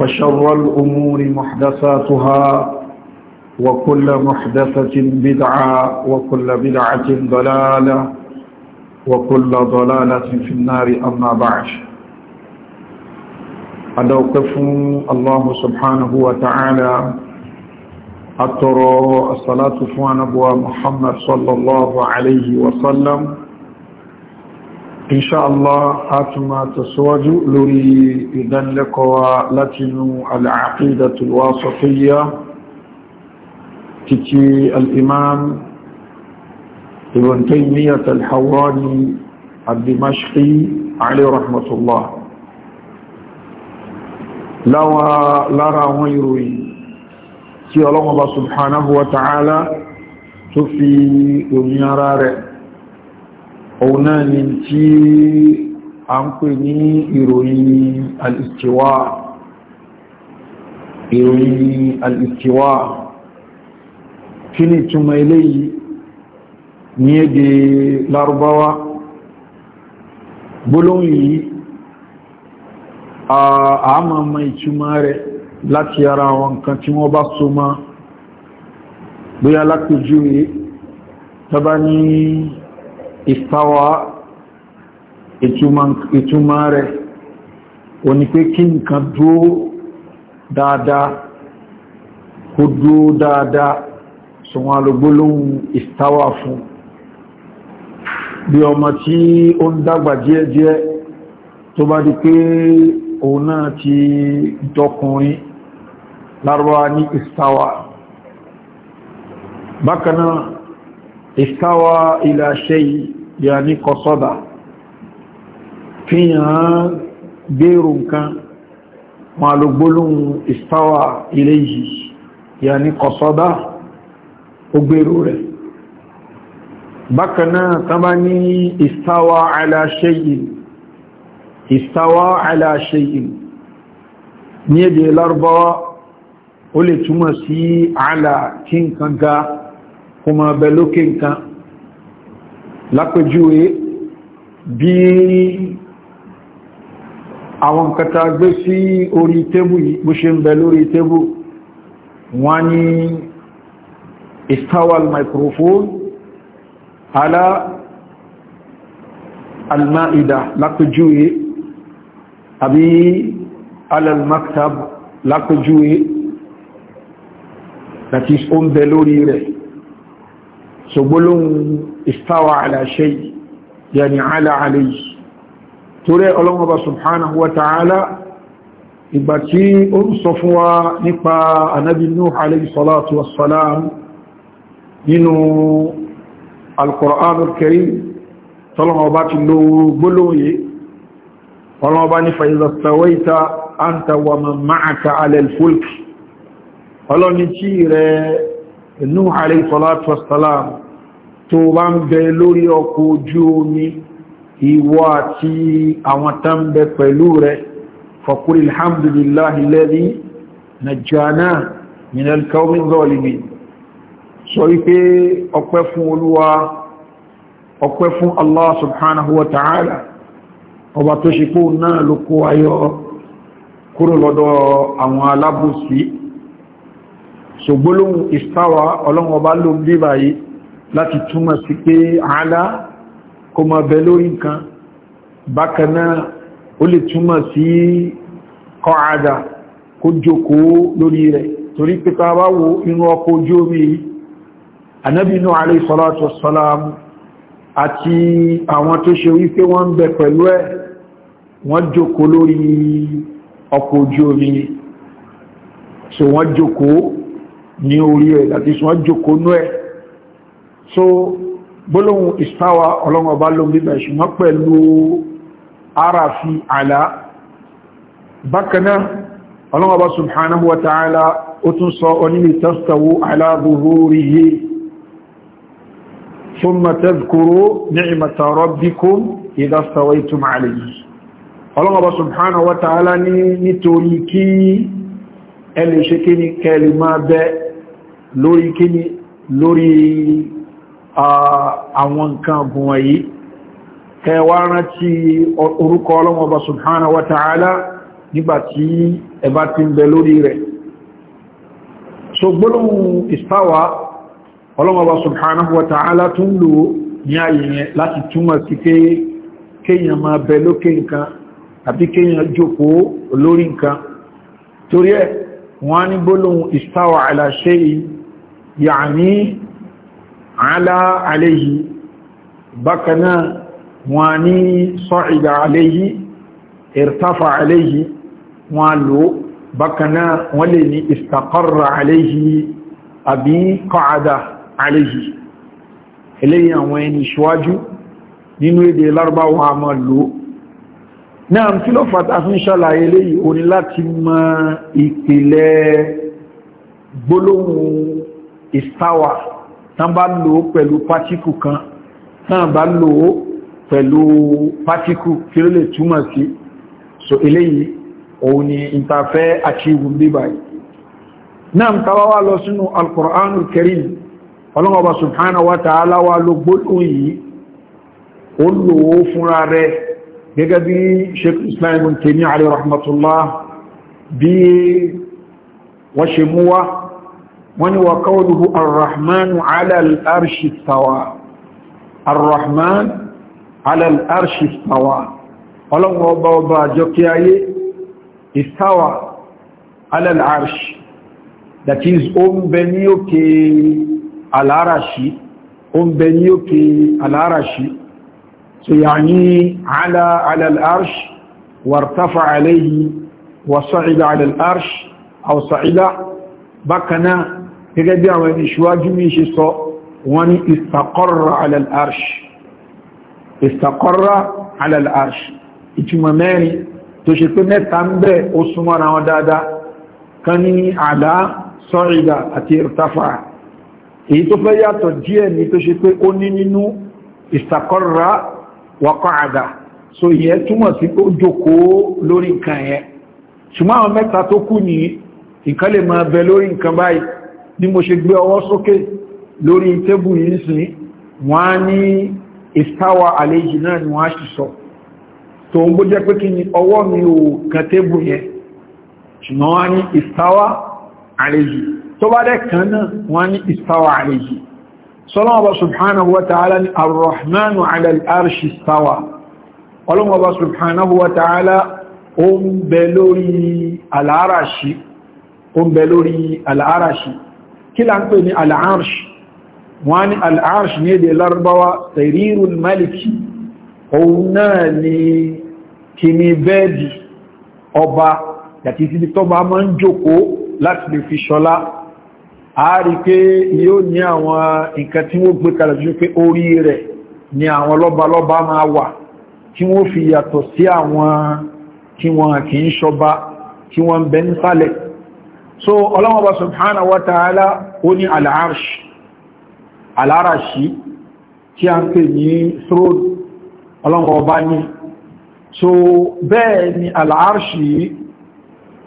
وشر الأمور محدثاتها وكل محدثة بدعة وكل بدعة ضلالة وكل ضلالة في النار أما بعد أدوقف الله سبحانه وتعالى أترى الصلاة فوان أبوى محمد صلى الله عليه وسلم inṣáàlá a tún máa tẹ̀síwájú lórí ìdánilẹ́kọ̀ọ́ látinú al-aqidatul wasatiyya títí al-imam ibn taymiyyah al-hawani ad-dimashqi alayhi rahmatullah láwa lára àwọn ìròyìn tí ọlọ́mọba subhanahu wa ta'ala tó fi òmìnira rẹ̀ òun náà ni tí a ń pè ní ìròyìn al-istiwa ìròyìn al-istiwa kí ni túnmọ̀ eléyìí ní èdè Lárúbáwá gbólóhùn yìí a máa rẹ̀ láti ara àwọn nǹkan tí wọ́n bá so mọ́ bóyá lápèjúwe tọ́bá ní ìfáwà ìtumá rẹ̀ o ni pé kí nǹkan dúó dáadáa kó dúó dáadáa sọ̀wọ́n alògbólóhun ìfáwà fún bí ọmọ tí ó ń dàgbà díẹ̀díẹ̀ tó bá di pé òun náà ti dọkùnrin lárọ́wá ní ìfáwà bákanáà istawa ila shay yani qasada fiyan gbèrò nǹkan wọn ló gbólóhùn istawa ilayhi yani qasada ó gbèrò rẹ̀ bákanáà tán bá ní istawa ala shay'in istawa ala shay'in ní èdè lárúbáwá ó lè túmọ̀ sí ala kí nǹkan ga kó máa bẹ lókè nǹkan lápẹjúwe bí àwọn kẹta gbé sí orí tébù yìí bó ṣe ń bẹ lórí tébù wọ́n ní istawal microphone ala almaida lápẹjúwe àbí alalmaktab lápẹjúwe that is ó ń bẹ lórí rẹ̀ so gbólóhùn istawa ala shay yani ala alayhi torí ọlọ́wọ́ bá subhanahu wa ta'ala ìgbà tí ó ń sọ fún wa nípa anábi Nuh alayhi salatu wassalam nínú al-Qur'anul Karim tọ́lọ́wọ́ bá ti lo gbólóhùn ọlọ́wọ́ bá ní fa idha stawaita ma'aka ala ọlọ́ni tí rẹ̀ Nuh alayhi salatu wassalam tó bá ń bẹ lórí ọkọ̀ ojú omi ìwọ àti àwọn tán bẹ pẹ̀lú rẹ̀ faqul alhamdulillahi alladhi najjana minal qawmi zalimin sọ wípé ọpẹ́ fún olúwa ọpẹ́ fún Allah subhanahu wa ta'ala ọba tó ṣe kó náà ló ayọ́ kúrò lọ́dọ̀ àwọn alábòsí so gbólóhùn istawa ọlọ́run ọba ló bí báyìí láti túmọ̀ sí pé àálá kó máa bẹ lórí nǹkan bákanáà ó lè túmọ̀ sí kọ́ àádá kó jókòó lórí rẹ̀ torí pípa bá wo inú ọkọ̀ ojú omi yìí anábìnú alayhi salatu wassalam àti àwọn tó ṣe wípé wọ́n ń bẹ pẹ̀lú ẹ̀ wọ́n jókòó lórí ọkọ̀ ojú omi so wọ́n jókòó ní orí ẹ̀ àti ṣùgbọ́n jòkó nú ẹ̀ so gbólóhùn istawa ọlọ́run ọba ló bíbẹ̀ ṣùgbọ́n pẹ̀lú ara fi àlá bákanáà ọlọ́run ọba subhanahu wa ta'ala ó tún sọ onílì tastawu ala zuhurihi thumma tadhkuru ni'mata rabbikum idha stawaytum alayhi ọlọ́run subhanahu wa ta'ala ní nítorí kí ẹlẹ́ṣẹ́kí ni kẹlì máa bẹ́ẹ̀ lórí kíni lórí àwọn nǹkan ọgbọ̀n wọ̀nyí kẹwa rántí orúkọ Ọlọ́hun Ọba subhanahu wa ta'ala nígbàtí ẹba ti ń bẹ lórí rẹ̀ so gbólóhùn istawa Ọlọ́hun Ọba subhanahu wa ta'ala tún lò ní ayẹyẹ láti túmọ̀ sí pé kéèyàn máa bẹ lókè nǹkan àbí kéèyàn jókòó lórí nǹkan torí ẹ̀ wọ́n á ní gbólóhùn istawa ala shay'in yàní àlá aléyí bákanáà wọ́n ní sọ́ìdà aléyí irtafa aléyí wọ́n lò bákanáà wọ́n lè ní istaqarra aléyí àbí qa'ada aléyí eléyìn àwọn ẹni ṣíwájú nínú èdè lárúbáwá ma lò náà tí ló fàtà fún ṣàlàyé léyìí o láti mọ ìpìlẹ̀ gbólóhùn ìstáwà tán bá lò ó pẹ̀lú pátíkù kan tán bá lò ó pẹ̀lú pátíkù kí ló lè túmọ̀ sí so eléyìí òun ni ìtafẹ́ achieve bíbáyìí náà tàbá wá lọ sínú alkùránù karim ọlọ́wọ́ba subhanahu wa ta'ala wa ló gbólóhùn yìí ó lò ó fúnra rẹ̀ gẹ́gẹ́ bí sheikh islam ibn taymiyyah alayhi rahmatullah bí wọ́n ṣe mú wá wọ́n ni wà qawluhu arrahmanu ala al-arshi istawa arrahman ala al-arshi جوكي ọlọ́run ọba ọba àjọ ayé that is ó ń bẹ ní òkè aláràṣí ó ń bẹ ní òkè so يعني على ala al وارتفع عليه وصعد على الأرش أو صعد بكنا gẹ́gẹ́ bí àwọn ẹni ṣíwájú mi ṣe sọ wọ́n ní istaqarra ala al-arsh istaqarra ala al-arsh ìtumọ̀ mẹ́rin tó ṣe pé mẹ́ta ń bẹ ó súnmọ́ra wọn dáadáa kan ní àlá sa'ida àti irtafa èyí tó fẹ́ yàtọ̀ díẹ̀ ní tó ṣe pé ó ní nínú istaqarra wa so yẹ túmọ̀ sí pé ó jókòó lórí nǹkan yẹn ṣùgbọ́n àwọn mẹ́ta tó kù ní ìkálẹ̀ máa bẹ lórí nǹkan báyìí ní mo ṣe gbé ọwọ́ sókè lórí tébù yìí sí wọ́n á ní ìstáwà àlejì náà ni wọ́n á sì sọ tó ń bó jẹ́ pé kí ni ọwọ́ mi ò kan tébù yẹn ṣùgbọ́n wọ́n á ní ìstáwà àlejì tó bá dẹ̀ kan náà wọ́n á ní ìstáwà àlejì sọ́lọ́wọ́ subhanahu wa ta'ala ni arrahmanu ala al-arshi subhanahu wa ta'ala ó ń bẹ lórí al'arashi kí la ń pè ní al'arsh wọ́n ní al'arsh ní èdè larbawa sarirul maliki òun náà ni kìíní bẹ́ẹ̀dì ọba yàtí títí tó bá máa ń jókòó láti lè fi ṣọlá a rí pé yóò ní àwọn nǹkan tí wọ́n gbé kalẹ̀ jù pé orí rẹ̀ ni àwọn lọ́balọ́ba máa wà tí wọ́n fi yàtọ̀ sí àwọn tí wọ́n kìí ṣọba tí wọ́n bẹ ń sálẹ̀ so ọlọ́wọ́ba subhanahu wa ta'ala ó ní al'arṣi al'arṣi tí a ń pè ní throne ọlọ́wọ́ba ní so bẹ́ẹ̀ ni al'arṣi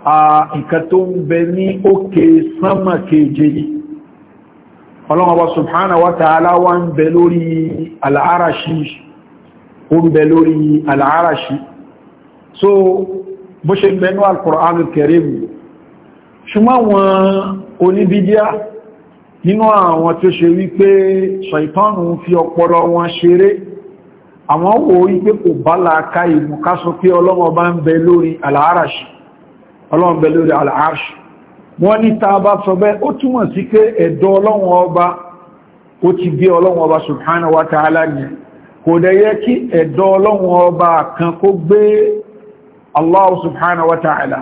a nǹkan tó ń bẹ ní òkè sánmà keje ni ọlọ́wọ́ba subhanahu wa ta'ala wá ń bẹ lórí al'arṣi ó ń bẹ lórí al'arṣi so bó ṣe bẹnu al-Qur'an ṣùgbọ́n wọn oníbídíà nínú àwọn tó ṣe wípé ṣàìtánù fi ọpọlọ wọn ṣeré àwọn wo wípé kò bá láàká ìmú ká sọ pé ọlọ́wọ́ bá ń bẹ lórí àlàáràṣì ọlọ́wọ́ bẹ lórí àlàáràṣì wọ́n ní ta bá sọ bẹ́ ó túmọ̀ sí pé ẹ̀dọ́ ọlọ́wọ́ ọba ó ti gbé ọlọ́wọ́ ọba subhanahu wa ta'ala ni kò dẹ̀ yẹ kí ẹ̀dọ́ ọlọ́wọ́ ọba kan kó gbé Allah subhanahu wa ta'ala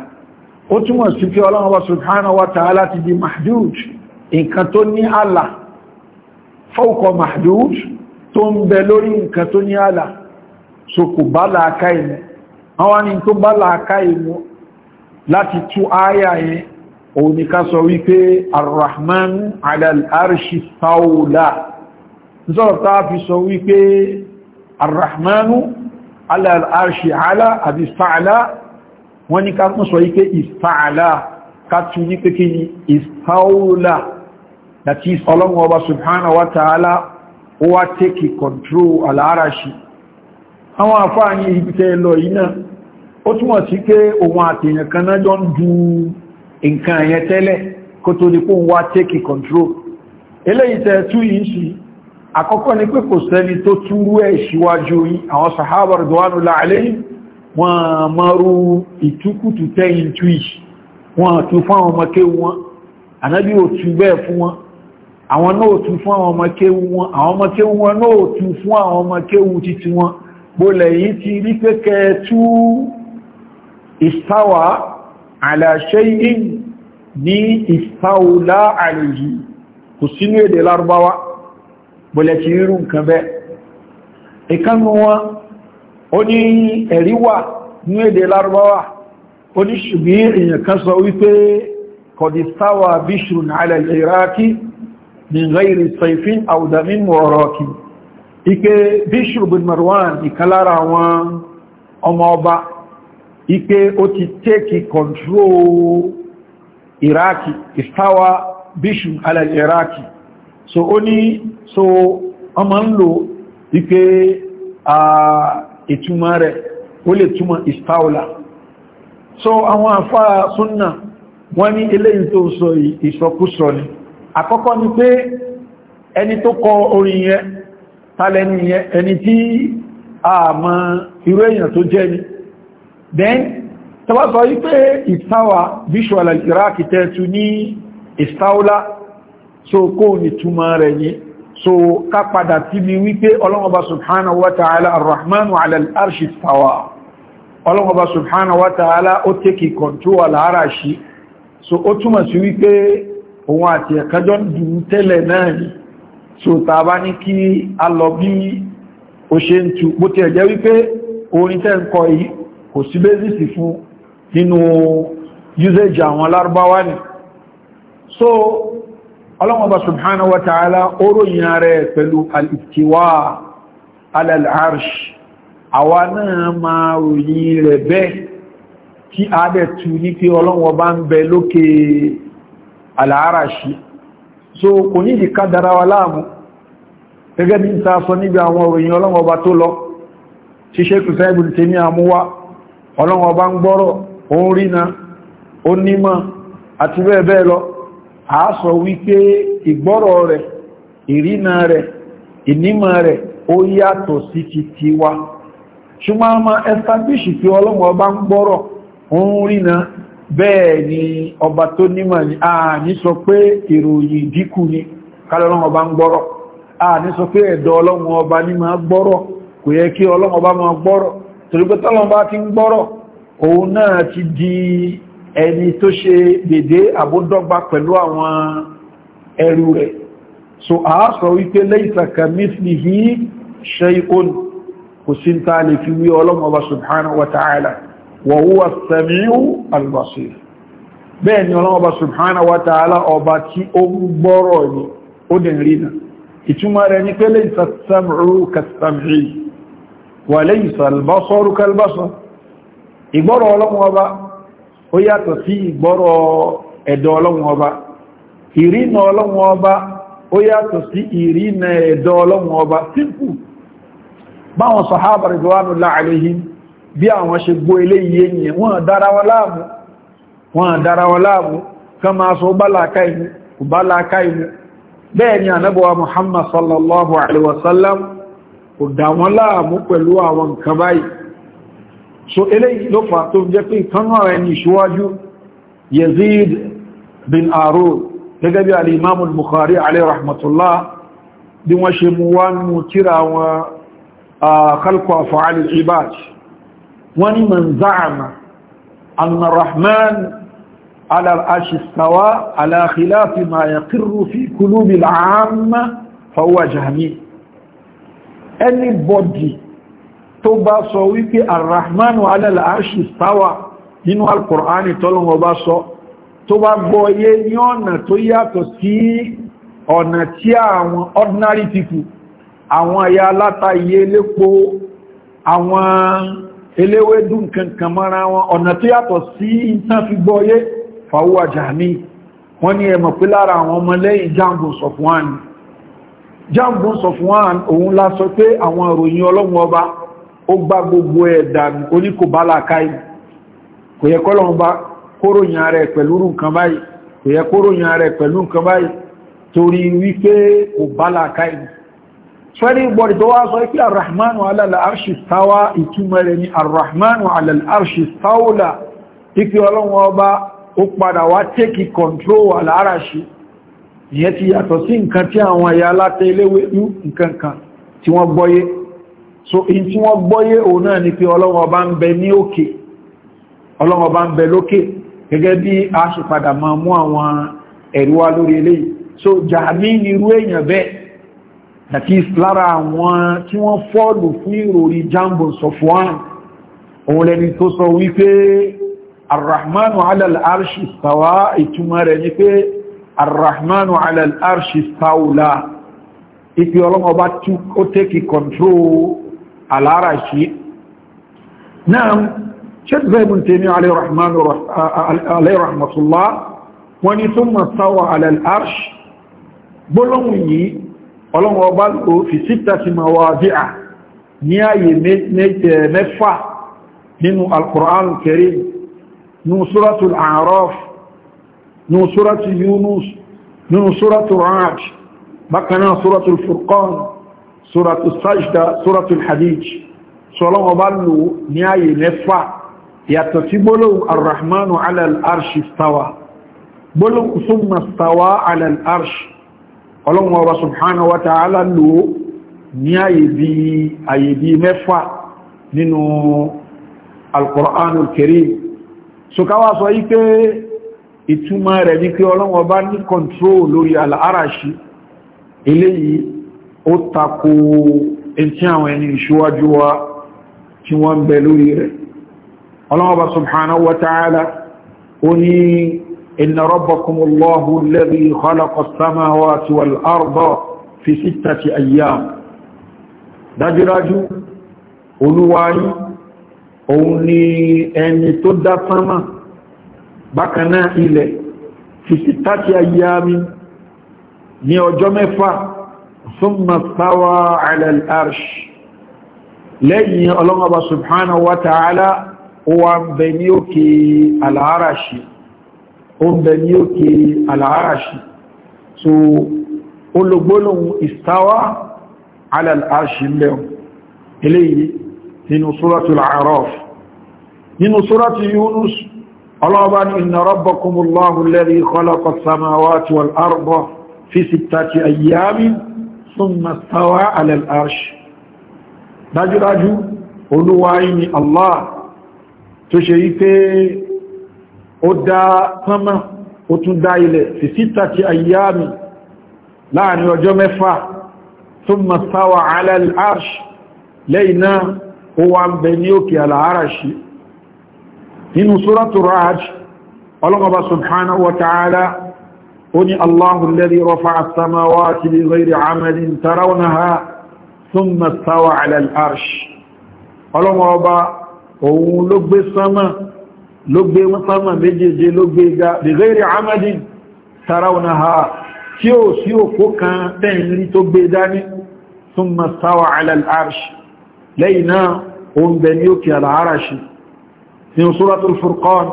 ó túnmọ̀ sí pé ọlọ́run wa subhanahu wa ta'ala ti di mahdud nǹkan tó ní àlà fawqa mahdud tó ń bẹ lórí nǹkan tó ní àlà so kò bá láàká ìmú àwọn ni tó bá láàká ìmú láti tú áyà yẹn òun ni ká sọ wípé arrahman alal'arshi saula nítorí tá fi sọ wípé arrahmanu alal'arshi ala àbí fa'ala wọ́n ní ká kún sọ yí pé ìfààlá kàtù ní pé kí ni ìfàúlà ọlọ́run ọba subhanahu wa ta'ala ó wá take control al'arashi àwọn àfáàní ìbítẹ́ lọ iná ó túnmọ̀ sí pé ohun àtèyàn kan náà jọ ń du nǹkan ẹ̀yẹn tẹ́lẹ̀ kó tó ní wá take control eléyìí tẹ́ tú yìí sí àkọ́kọ́ ni pé kò sẹ́ni tó túrú ẹ̀ síwájú yìí àwọn sahaba rẹ̀ wọ́n mọ́rú ìtúkùtù tẹ́yìn túì wọ́n tún fún àwọn ọmọkéwú wọn ànábí ò tún bẹ́ẹ̀ fún wọn àwọn náà tún fún àwọn ọmọkéwú wọn àwọn ọmọkéwú wọn náà tún fún àwọn ọmọkéwú títí wọn bólẹ̀ yìí ti rí pẹ́kẹ́ tú istawa ala shay'in ní istawla alayhi kò sínú èdè lárúbáwá bólẹ̀ ti rírù nǹkan bẹ́ẹ̀ ìkánu ó ní ẹ̀rí wà ní èdè lárúbáwà ó ní ṣùgbí èèyàn kan sọ wípé kọ̀dìsáwà bishrun ala al-iraqi min ghairi ike bishrun bin marwan ìkalára àwọn ọma ọba ike ó ti tẹ́kì kọ̀ntró iraqi ìsáwà bishrun ala al so ó ní so ọmọ ń lò ike a ah, ìtumọ̀ rẹ̀ ó lè túmọ̀ ìstáọ́lá so àwọn àfáà súnnà wọ́n ní eléyìí tó sọ ìsọkúsọ ni àkọ́kọ́ ni pé ẹni tó kọ orin yẹn tàlẹ́ni yẹn ẹni tí a mọ̀ irú èèyàn tó jẹ́ ni then tọba sọ yí pé ìstáwà visual iraq tẹ́ẹ̀tù ní ìstáọ́lá so kó ní túmọ̀ rẹ̀ yìí so ká padà tí bí wípé ọlọ́mọba subhanahu wa ta'ala arrahmanu ala al-arshi istawa ọlọ́mọba subhanahu wa ta'ala ó tẹ́kì kọ̀ntúwà lára ṣí so ó túnmọ̀ sí wípé òun àti ẹ̀kájọ́ dùn tẹ́lẹ̀ náà ni so tàbá ní kí a lọ bí ó ṣe ń tu bó ti ẹ̀jẹ́ wípé orin tẹ́ ń kọ yìí kò sí bẹ́sìsì fún nínú usage àwọn lárúbáwá ni so ọlọ́wọ́ba subhanahu wa ta'ala oróyìn rẹ̀ pẹ̀lú al-istiwa ala al-arsh àwa náà máa ròyìn rẹ̀ bẹ́ẹ̀ kí a dẹ̀ tu ní pé ọlọ́wọ́ba ń bẹ lókè al so kò ní ìdíká dára wa láàmú gẹ́gẹ́ bí ta sọ níbi àwọn òròyìn ọlọ́wọ́ba tó lọ ṣíṣẹ́ kùsáìbù tẹ́ ní a sọ wípé ìgbọ́rọ̀ rẹ̀ ìrìnà rẹ̀ ìnímọ̀ rẹ̀ ó yàtọ̀ sí ti tiwa ṣùgbọ́n a máa establish pé ọlọ́mọ ọba ń gbọ́rọ̀ òun rìnà ni ọba tó nímọ̀ ni a ní sọ pé ìròyìn ni kálọ́lọ́mọ a ọlọ́mọ ọba ń di ẹni tó ṣe dédé àbúdọ́gba pẹ̀lú àwọn ẹrù rẹ̀ so a sọ wípé lẹ́ìsàkà mithlihi shay'un kò sí ta lè fi wí ọlọ́mọba subhanahu wa ta'ala wa huwa as-sami'u al-basir bẹ́ẹ̀ ni ọlọ́mọba subhanahu wa ta'ala ọba tí ó ń gbọ́rọ̀ ni ó dẹ̀ rí na ìtumọ̀ rẹ̀ ní pé laysa as-sam'u kas-sam'i wa laysa al-basaru ìgbọ́rọ̀ ọlọ́mọba ó yàtọ̀ sí ìgbọ́rọ̀ ẹ̀dọ̀ ọlọ́run ọba ìrìnà ọlọ́run ọba ó yàtọ̀ sí ìrìnà ẹ̀dọ̀ ọlọ́run ọba sínkù báwọn sọ̀hábà rẹ̀dọ̀wánù láàrẹ̀hìn bí àwọn ṣe gbọ́ eléyìí ènìyàn wọ́n dára wọn láàmú Muhammad sallallahu alaihi wa so eléyìí ló fà tó jẹ́ pé ìkanú ara ẹni ìṣíwájú yazid bin arud gẹ́gẹ́ bí alìmáàmù bukhari alayhi rahmatullah bí wọ́n ṣe mú wá nù tíra wọn khalqa af'alil ibad wọ́n ni man za'ama anna rahman ala al-arshi istawa ala khilafi ma yaqirru fi qulubi al-'amma fa anybody tó bá sọ wípé arrahmanu alẹ́lẹ̀ arṣì sáwà nínú alkùránì tọ́lọ́wọ́ bá sọ tó bá gbọ́ yé ní ọ̀nà tó yàtọ̀ sí ọ̀nà tí àwọn ordinary people àwọn ẹ̀yà aláta iye lépo àwọn eléwédú nkankan mara wọn ọ̀nà tó yàtọ̀ sí ìtàn fi gbọ́ yé fàwọ́ jàmí wọ́n ní ẹmọ̀ pé lára àwọn ọmọ lẹ́yìn jambun sọfúnwán jambun sọfúnwán òun lásọ pé àwọn ìròyìn ọlọ́run ọba ó gbá gbogbo ẹ̀dà oníkòbálákáì kò yẹ kọ́lọ̀n bá kóròyìn rẹ̀ pẹ̀lú nǹkan báyìí kò yẹ kóròyìn rẹ̀ pẹ̀lú nǹkan báyìí torí wípé kò bálákáì fẹ́rí gbọ́dì tó wá sọ ikú arrahmanu alal arshi stawa ìtumọ̀ rẹ̀ ni arrahmanu alal arshi staula ikú ọlọ́run ọba ó padà wá tẹ́kì control aláràṣì ìyẹn ti yàtọ̀ sí nǹkan tí àwọn ẹ̀yà alátẹ́ iléwé nǹkan kan tí wọ́n gbọ́yé so in tí wọ́n gbọ́yé òun náà ni pé ọlọ́wọ́ bá ń bẹ ní òkè ọlọ́wọ́ bá ń bẹ lókè gẹ́gẹ́ bí a ṣe padà máa mú àwọn ẹ̀rí wá lórí eléyìí so jàmí irú èèyàn bẹ́ẹ̀ àti lára àwọn tí wọ́n fọ́ọ̀lù fún ìròrí jambo sọfwan òun lẹni tó sọ wípé arrahmanu alal arshi stawa ìtumọ̀ rẹ̀ ni pé arrahmanu alal arshi staula ipi ọlọ́mọba tí ó tẹ́kì control aláràṣí náà ṣẹ́tù zaibun tèmi aláìrahmatullah wọ́n ni tó mọ̀ sáwà al'arṣ gbọ́lọ́wùn yìí ọlọ́wọ́ bá lò fi síta ti ma wà bí a ní ayé mẹ́fà nínú al-Qur'an al-Karim nínú suratul A'raf nínú suratul Yunus nínú bákanáà suratul Furqan suratu sajda suratu hadij sọlọ́wọ́ bá lò ní ààyè mẹ́fà yàtọ̀ sí gbólóhùn arrahmanu alal arshi stawa gbólóhùn súnmà stawa alal arshi ọlọ́wọ́ bá subhanahu wa ta'ala lò ní ààyè bí mẹ́fà nínú alkùránù kìrí so káwà sọ yí pé rẹ̀ ní pé ọlọ́wọ́ bá ní kọntrol lórí al'arashi eléyìí ó takò ẹ̀tí àwọn ẹni ìṣíwájú wa tí wọ́n bẹ lórí rẹ̀. ọlọ́wọ́ba subhanahu wa ta'ala ó ní inna rabbakumullahu alladhi khalaqa as-samawati wal arda fi sittati ayyam dájúdájú ni ọjọ́ mẹ́fà thumma stawa ala al-arsh lẹ́yìn ọlọ́mọba subhanahu wa ta'ala ó wà ń bẹ ní òkè al-arashi ní òkè al so olùgbólóhun istawa ala al-arshi lẹ́wọ̀n eléyìí nínú suratul a'raf nínú suratul yunus ọlọ́ọ̀bá inna rabbakumullahu alladhi khalaqa as-samawati wal-arda fi sittati ayyamin súnmà tàwà alẹ́l'arṣì dájúdájú olúwáyí ni Allah tó ṣe yí pé ó dá sánmà ó tún dá ilẹ̀ fi sítàtí ayyámi láàrin ọjọ́ mẹ́fà súnmà tàwà alẹ́l'arṣì lẹ́yìn náà ó wá ń bẹ ní òkè alàáràṣì nínú súrátù Ra'd ọlọ́mọba subhanahu wa ta'ala قل الله الذي رفع السماوات بغير عمل ترونها ثم استوى على العرش ọlọ́mọ ọba òun ló gbé sánmà ló gbé sánmà méjèèjì ló gbé ga bèèrè amadin tarawunaha tí ó sí òkú kan tẹ́yìnrí tó gbé dání thumma stawa ala al-arsh lẹ́yìn náà òun bẹ̀ ní òkè al'arashi ní suratul furqan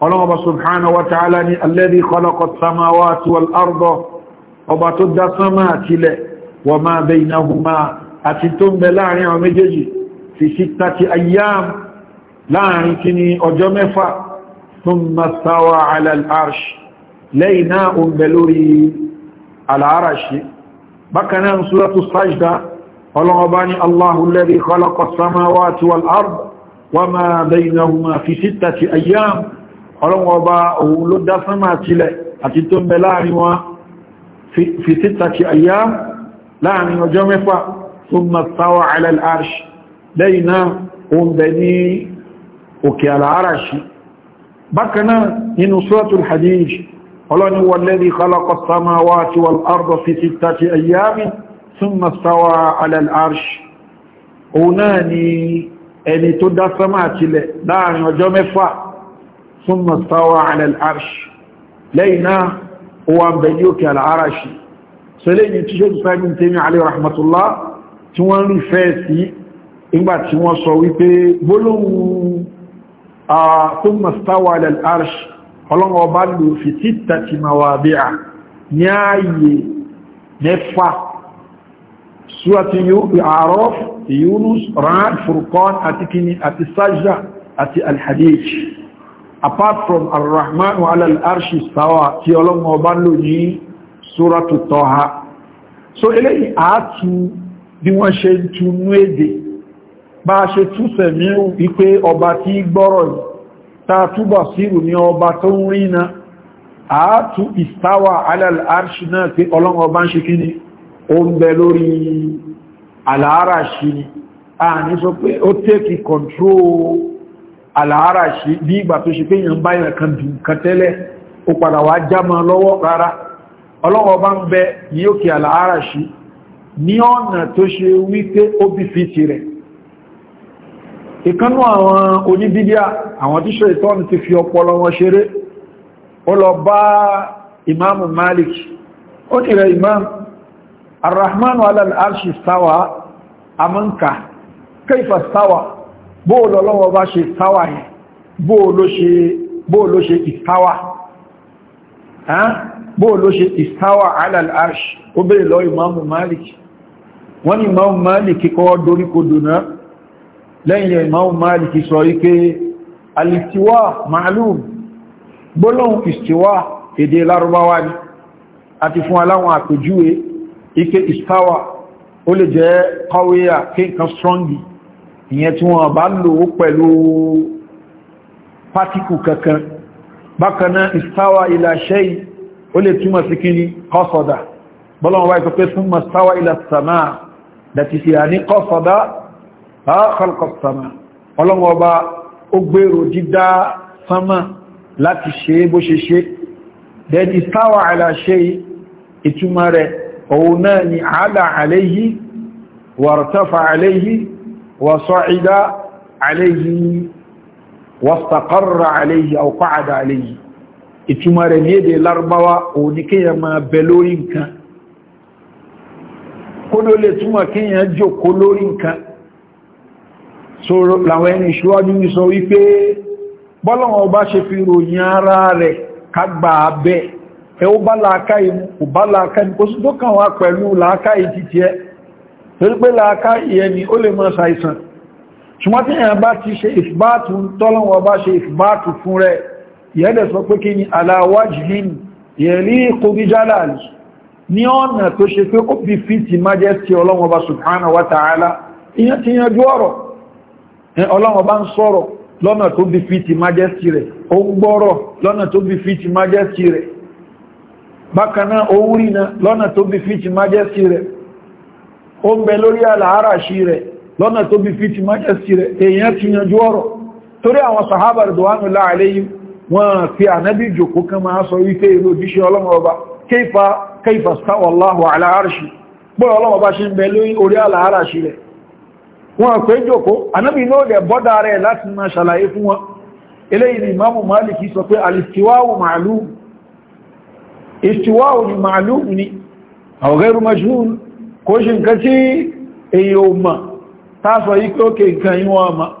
ọlọ́wọ́ba subhanahu wa ta'ala ni alladhi khalaqa as-samawati wal arda ọba tó dá sánmà àtilẹ̀ wa ma baynahuma àti tó ń bẹ láàrin àwọn méjèèjì fi sittati ayyam láàrin kí ni ọjọ́ mẹ́fà thumma stawa ala al-arsh lẹ́yìn náà ó ń bẹ lórí al-arashi bákanáà suratu sajda ọlọ́wọ́ba ni allahu alladhi khalaqa as-samawati wal arda wa ma baynahuma fi sittati ọlọ́wọ́ ọba òun ló dá sánmà tilẹ̀ àti tó ń bẹ láàrin wọn fi sítàkì àyá láàrin ọjọ́ mẹ́fà tó mọ̀ sáwà alẹ́lárṣ lẹ́yìn náà ó ń bẹ ní òkè aláràṣì bákanáà nínú suratul hadid ọlọ́ni walladhi khalaqa ẹni tó dá sánmà tilẹ̀ láàrin ọjọ́ mẹ́fà ثم استوى على العرش لينا هو بيوك على العرش سليم تشهد سامي تيمي عليه رحمة الله تواني فاسي إنبا توان صويته بلو ثم استوى على العرش قلن وبالو في ستة موابع نياي نفا سورة يعرف يونس رعد فرقان أتكني أتساجة أتي الحديث apart from al rahman wa al arshi sawa tí ọlọ́mọ ọba lò ní suratu tọ́ha so eléyìí àátú bí wọ́n ṣe ń túnú èdè bá a ṣe túnṣẹ̀ mírù wípé ọba tí gbọ́rọ̀ yìí ta túbọ̀ sírù ní ọba tó ń rí na àátú ìsáwà alal arshi náà pé ọlọ́mọ ọba ń ṣe kí ni ó ń bẹ ni a ní sọ pé ó tẹ́kì control àlàárà ṣe bí ìgbà tó ṣe péyàn báyàn kan dùn kan tẹ́lẹ̀ ó padà wá jámọ́ lọ́wọ́ rárá ọlọ́wọ́ bá ń bẹ ní òkè àlàárà ṣe ní ọ̀nà tó ṣe wípé ó bí fi ti rẹ̀ ìkanú àwọn oníbídíà àwọn tíṣẹ́ ìtọ́ni ti fi ọpọlọ wọn ṣeré ó lọ bá ìmáàmù Malik ó nìrẹ̀ ìmáàmù arrahmanu alal arshi stawa amanka kaifa stawa bóòlù ọlọ́wọ́ bá ṣe táwà yìí bóòlù ṣe ìtáwà bóòlù ṣe ìtáwà alàl'arṣ ó bèèrè lọ ìmáàmù Málìkì wọ́n ni ìmáàmù Málìkì kọ́ doríkodò náà lẹ́yìn ìmáàmù Málìkì sọ wípé alìtíwà ma'lúm gbólóhùn ìstíwà èdè lárúbáwá ni àti fún aláwọn àpèjúwe ike ìstáwà ó lè jẹ́ ìyẹn tí wọ́n bá lò ó pẹ̀lú pátíkù kankan bákaná ìstáwà ilá ṣe ó lè túnmọ̀ sí kí ní kọ́sọ̀dá bọ́lọ́wọ́ wáyé tó pé fún mastáwà ilá sàmà dàti sí à ní kọ́sọ̀dá àkọlùkọ̀sàmà ọlọ́wọ́ bá ó gbèrò dídá sánmà láti ṣe bó ṣe ṣe then ìstáwà ilá ìtumọ̀ rẹ̀ òun náà ni àádà àléyí wàrtafà àléyí وصعد عليه واستقر عليه أو قعد عليه ìtumọ̀ rẹ̀ ní èdè lárúbáwá òun ni kíyàn máa bẹ lórí nǹkan kó ló lè túmọ̀ kíyàn jòkó lórí nǹkan so làwọn ẹni ìṣúwájú ní sọ wípé bọ́lọ̀wọ̀n bá ṣe fi ròyìn ara rẹ̀ kagbà abẹ́ ẹ ó bá láàká ìmú kò bá láàká ìmú kò sí tó kàn wá pẹ̀lú láàká ìtìtì ẹ́ torí pé láàká ìyẹni ó lè máa ṣàìsàn ṣùgbọ́n tí èyàn bá ti ṣe ìfìbáàtù tọ́lọ́wọ́ bá ṣe ìfìbáàtù fún rẹ̀ ìyẹ́dẹ̀ sọ pé kí ni aláwájìlín yẹ̀lí majesty ọlọ́wọ́ba subhanahu wa ta'ala ìyẹn ti yanjú ọ̀rọ̀ ọlọ́wọ́ba ń sọ̀rọ̀ lọ́nà tó bí fi ti majesty rẹ̀ ó ń gbọ́rọ̀ lọ́nà majesty rẹ̀ bákanáà ó ń rí lọ́nà tó majesty rẹ̀ ó ń bẹ lórí àlàárà sí rẹ̀ lọ́nà tó bí fíti májẹ́sì rẹ̀ èèyàn ti yanjú ọ̀rọ̀ torí àwọn sahaba rẹ̀dọ̀wánulá àléyìn wọ́n fi ànábí jòkó kan máa sọ wípé ìlú òjíṣẹ́ ọlọ́mọba kéfà kéfà stáwọ̀láhù aláàrṣì wọ́n kò ṣe nǹkan tí èyàn ò mọ̀ tásọ yí pé ókè nǹkan yí wọ́n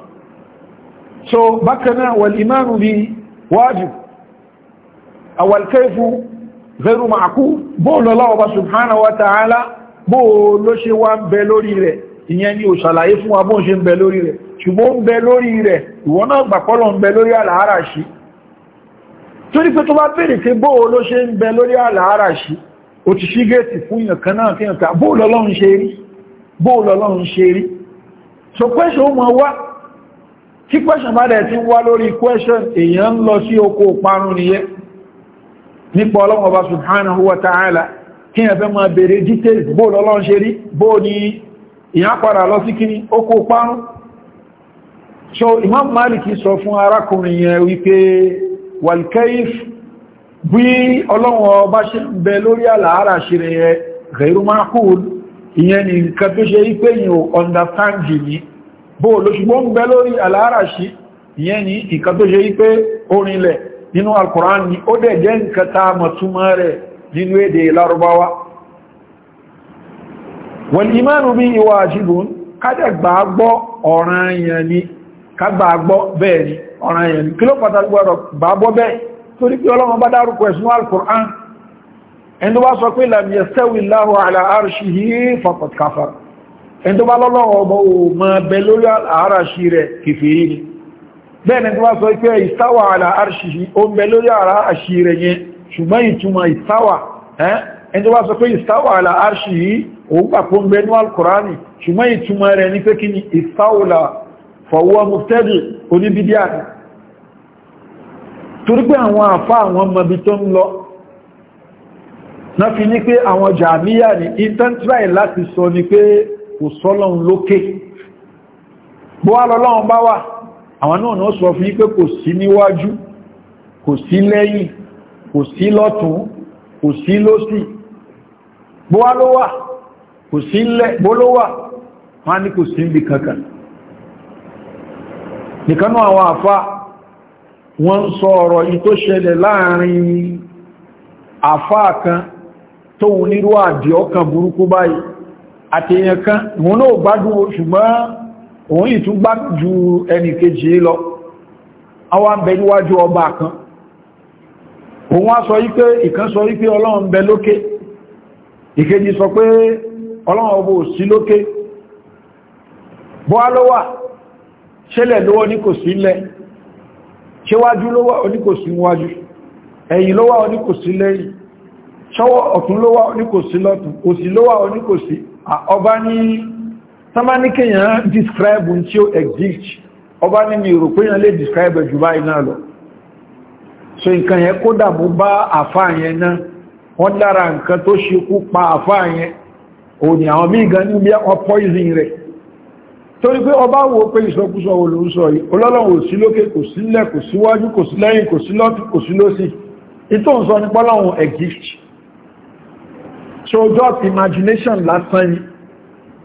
so bákanáà wal imanu bí wájib awal kaifu zairu ma'aku bóòlọ́lá ọba subhanahu wa ta'ala bóòló ṣe wá ń bẹ lórí rẹ̀ ìyẹn ni ò ṣàlàyé fún wa bóò ṣe ń bẹ lórí rẹ̀ ṣùgbọ́n ń bẹ lórí rẹ̀ ìwọ náà gbàpọ́lọ̀ ń bẹ lórí àlàárà torí pé tó bá bèèrè pé bóòló ṣe ń bẹ lórí àlàárà ó ti ṣí gẹ́ẹ̀tì fún ìyànkan náà kí ìyànkan bóòlù ọlọ́run ṣe rí bóòlù ọlọ́run ṣe rí so question ó mọ̀ wá tí question bá dẹ̀ ti wá lórí question èèyàn ń lọ sí oko parun nìyẹn nípa ọlọ́run ọba subhanahu wa ta'ala kí ẹ̀fẹ́ máa bèèrè details bóòlù ṣe rí bí ọlọ́wọ́ bá ṣe ń bẹ lórí àlàárà ṣe rẹ̀ gẹ̀rù máa kúrò ìyẹn ni nǹkan tó ṣe ipé yìí ò understandi ní bó ló ṣùgbọ́n ń bẹ lórí àlàárà ṣe ìyẹn ni nǹkan tó ṣe ipé orinlẹ̀ nínú alkùnrán ni ó dẹ̀ jẹ́ nǹkan ta torí pé ọlọ́run bá dárúkọ ẹ̀sùn al-Qur'an ẹni tó bá sọ pé lam yastawi Allahu ala arshihi faqad kafara ẹni tó bá lọ́lọ́run ọmọ ò máa bẹ lórí àáràṣì rẹ̀ kèfèrí ni bẹ́ẹ̀ni tó bá sọ pé istawa ala ó ń bẹ lórí àáràṣì rẹ̀ yẹn ṣùgbọ́n ìtumọ̀ istawa torí pé àwọn àfá àwọn mọ̀bí tó ń lọ na fi ní pé àwọn jàmíyà ní intantraì láti sọ ni pé kò sọ́lọ́un lókè bó wá lọ́lọ́un bá wà àwọn náà náà sọ fún pé kò sí níwájú kò sí lẹ́yìn kò sí lọ́tún kò sí lósì bó wá ló wà kò sí lẹ́ bó ló wà wọ́n á kò sí níbi kankan àwọn àfáà wọ́n sọ ọ̀rọ̀ yìí tó ṣẹlẹ̀ láàrin àfáà kan tóun nírú àdí ọkàn burúkú báyìí àti èèyàn kan òun náà gbádùn ṣùgbọ́n òun yìí tún gbádùn ju ẹnì kejì lọ àwọn ń bẹ níwájú ọba kan òun wá sọ wípé ìkan sọ wípé ọlọ́run ń bẹ lókè ìkejì sọ pé ọlọ́run ọba ò sí lókè bọ́á ló wà ṣẹlẹ̀ lówó ní kò sílẹ̀ ṣéwájú ló wà oníkòsí níwájú ẹ̀yìn ló wà oníkòsí lẹ́yìn ṣọ́wọ́ ọ̀tún ló wà oníkòsí lọ́tún òsì ló oníkòsí ọba ní tamaníkèyàn describe tí ó exist ọba ní mi rò péyàn lè describe jù báyìí náà lọ so nǹkan yẹn kó dàmú bá àfáà yẹn náà wọ́n lára nǹkan tó ṣekú pa àfáà yẹn òní àwọn míì gan níbi ọpọ́ ìzìn rẹ̀ torí pé ọba wo pé ìsọkúsọ wo ló ń sọ yìí ọlọ́lọ́wọ̀ sí lókè kò sílẹ̀ kò síwájú kò sí lẹ́yìn kò sí lọ́tún kò sí lósì ìtò ń sọ ní pọ́lọ́wọ̀n exist so just imagination lásán yìí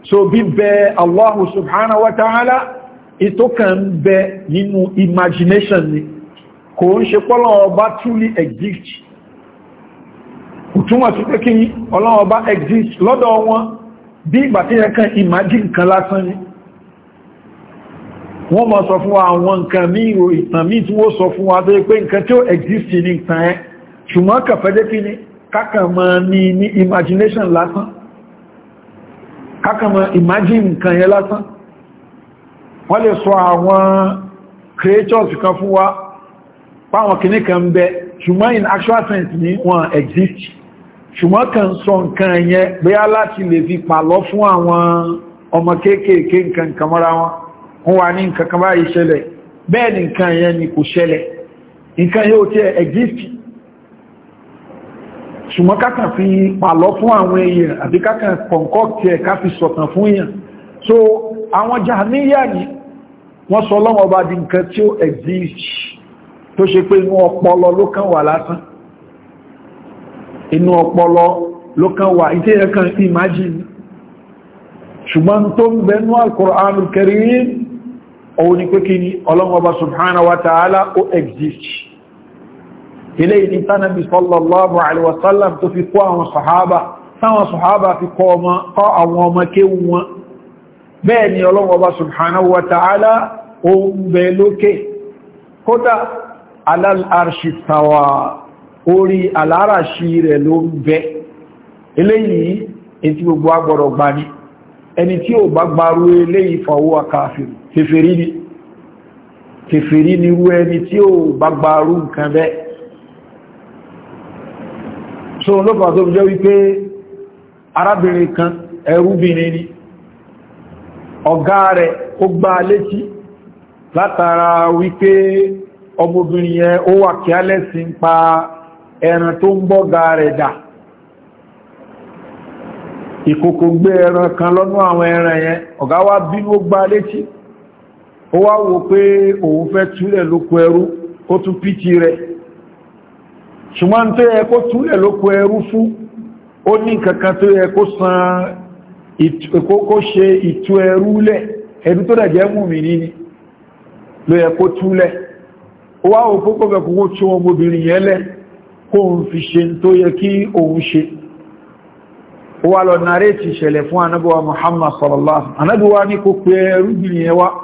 so bí bẹ Allah subhanahu wa ta'ala ìtò kan bẹ nínú imagination ni kò ń ṣe pọ́lọ́wọ̀n ọba truly exist ìtumọ̀ sí pé kí ọlọ́wọ̀n ọba exist lọ́dọ̀ wọn bí ìgbà tí kan imagine kan lásán wọ́n ma sọ fún wa àwọn nǹkan mí ìrò ìtàn mí tí wọ́n sọ fún wa bẹ́ pé nǹkan tí ó exist ní ìtàn ẹ́ ṣùgbọ́n kàfẹ́jẹ́ kí ni kákàmọ́ ní ní imagination lásán kákàmọ́ imagine nǹkan yẹn lásán wọ́n lè sọ àwọn creatures kan fún wa páwọn kìíní kan ń bẹ ṣùgbọ́n in actual sense ni wọ́n exist ṣùgbọ́n kan sọ nǹkan yẹn bóyá láti lè fi pàlọ́ fún àwọn ọmọ kéékèèké nǹkan kàmọ́ra wọn wọ́n wà ní nǹkan kan báyìí ṣẹlẹ̀ bẹ́ẹ̀ ni nǹkan yẹn ni kò ṣẹlẹ̀ nǹkan yóò tí exist ṣùgbọ́n kákan fi pàlọ́ fún àwọn èèyàn àbí kákan concoct ẹ̀ ká fi sọ̀tàn fún èèyàn so àwọn jahaniya ni wọ́n sọ lọ́wọ́ bá di nǹkan tí ó exist tó ṣe pé inú ọpọlọ ló kàn wà lásán inú ọpọlọ ló kàn wà ìtẹ́yẹ kan imagine ṣùgbọ́n tó ń bẹnú al-Qur'an òun ni pé kí ni ọlọ́mọba subhanahu wa ta'ala ó exist ilé ìní tánàbí sallallahu alaihi wasallam tó fi kó àwọn sahaba táwọn sahaba fi kọ́ àwọn ọmọ kéwù wọn bẹ́ẹ̀ ni ọlọ́mọba subhanahu wa ta'ala ó ń bẹ lókè kódà alálàrṣì tàwà orí aláràṣì kèfèrí ni kèfèrí ni irú ẹni tí ó gbagbarú nǹkan bẹ́ so lọ́pàá tó jẹ́ wípé arábìnrin kan ẹrúbìnrin ni ọ̀gá rẹ̀ ó gbá létí látara wípé ọmọbìnrin yẹn ó wà kí á lẹ́sìn pa ẹran tó ń bọ́gá rẹ̀ dà ìkòkò gbé ẹran kan lọ́nú àwọn ẹran yẹn ọ̀gá wá bínú ó gbá létí ó wá wo pé òun fẹ́ túlẹ̀ lóko ẹrú ó tún pìtì rẹ̀ ṣùgbọ́n tó yẹ kó túlẹ̀ lóko ẹrú fún ó ní kankan tó yẹ kó san kó ṣe ìtú ẹrú lẹ̀ tó mú mi ní ló yẹ kó túlẹ̀ ó wá wo kókó fẹ́ fún anábíwá Muhammad sallallahu anábíwá ní kó yẹn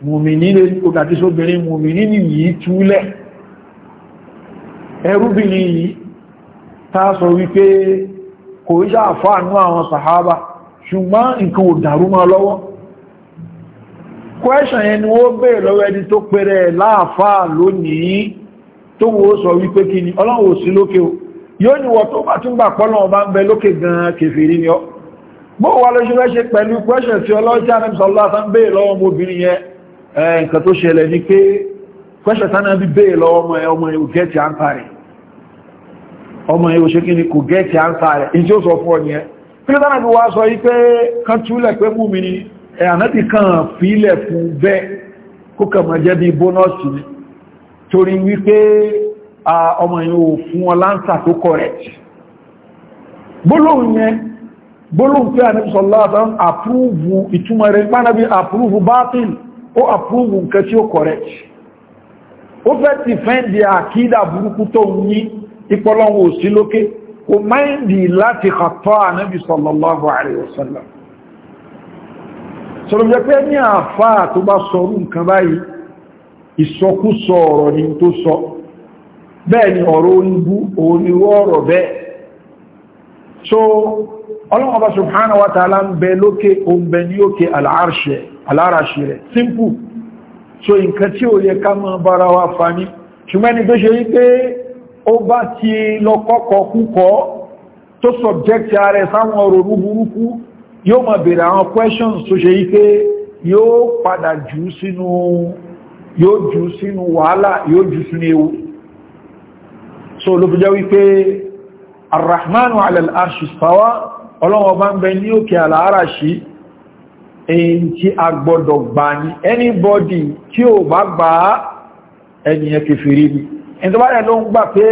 mùmìní lè kòkàtí sóbìnrin mùmìní ni yìí túlẹ̀ ẹrúbìnrin yìí ta sọ wípé kò yá àfáànú àwọn sàhábà ṣùgbọ́n nǹkan ò dàrú mọ́ lọ́wọ́ kwẹ́ṣàn yẹn ni ó bèèrè lọ́wọ́ ẹni tó pèrè láàfáà lónìí tó wo sọ wípé kí ni ọlọ́run ò sí lókè o yóò ní wọ́n tó bá tún gbà pọ́lọ̀ bá ń bẹ lókè gan kèfèrí ni ọ́ bó wà lóṣù rẹ̀ ṣe pẹ̀lú kwẹ́ṣàn tí ọlọ́jà nìsọ́lá sán bèèrè lọ́wọ́ mobìnrin yẹn nǹkan tó ṣẹlẹ̀ ní pé kwẹ́ṣẹ̀tánà bí bèèrè lọ ọmọ ẹ ọmọ ẹ ò gẹ́ẹ̀tì áńsà rẹ̀ ọmọ ẹ ò ṣe kí ni kò gẹ́ẹ̀tì áńsà rẹ̀ in tí ó sọ fún ọ nìyẹn kílítánà bí wá sọ yí pé kan túlẹ̀ pé mú mi ni ẹ̀ ànáti kan fílẹ̀ fún ni torí wípé ọmọ ẹ ò fún ọ láńsà ó approve nǹkan tí ó correct ó fẹ́ ti fẹ́ndì àkídà burúkú tó ń ní ipọ́lọ́wọ́ sí lókè kò máìndì láti kàtọ́ ànábì sallallahu alaihi wasallam sọ̀rọ̀ jẹ́ pé ní àfáà tó bá sọrú nǹkan báyìí ìsọkúsọ ọ̀rọ̀ ni tó sọ bẹ́ẹ̀ ni ọ̀rọ̀ oníbú oníwọ́ so ọlọ́wọ́ bá subhanahu wa ta'ala ń bẹ lókè o ní òkè al aláràṣì rẹ̀ simple so nǹkan tí ó yẹ ká mọ́ bára wa fa ní ṣùgbọ́n ni tó ṣe yí pé ó bá ti lọ kọ́kọ́ kúkọ́ tó subject ààrẹ sáwọn òròrú burúkú yóò máa bèèrè àwọn questions tó ṣe yí pé yóò padà jù sínú wàhálà yóò jù sínú ewu so ló fi jẹ́ wípé arrahmanu alal arshi stawa ọlọ́wọ́ bá ń bẹ ní òkè aláràṣì èyí tí a gbọ́dọ̀ gbà ní anybody tí ó bá gbà ẹniyàn kèfèrí ni ẹni tó bá rẹ̀ ló ń gbà pé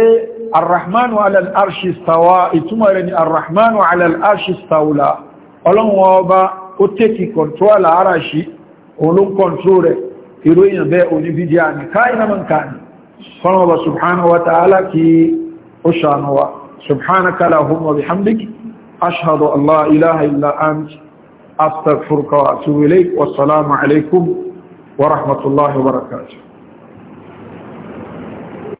arrahmanu alal arshi stawa ìtumọ̀ rẹ̀ ni arrahmanu alal arshi staula ọlọ́run ọba ó tẹ́kì control àáràṣí òun ló ń control rẹ̀ ìròyìn bẹ́ oníbídíà أستغفرك وأتوب إليك والسلام عليكم ورحمة الله وبركاته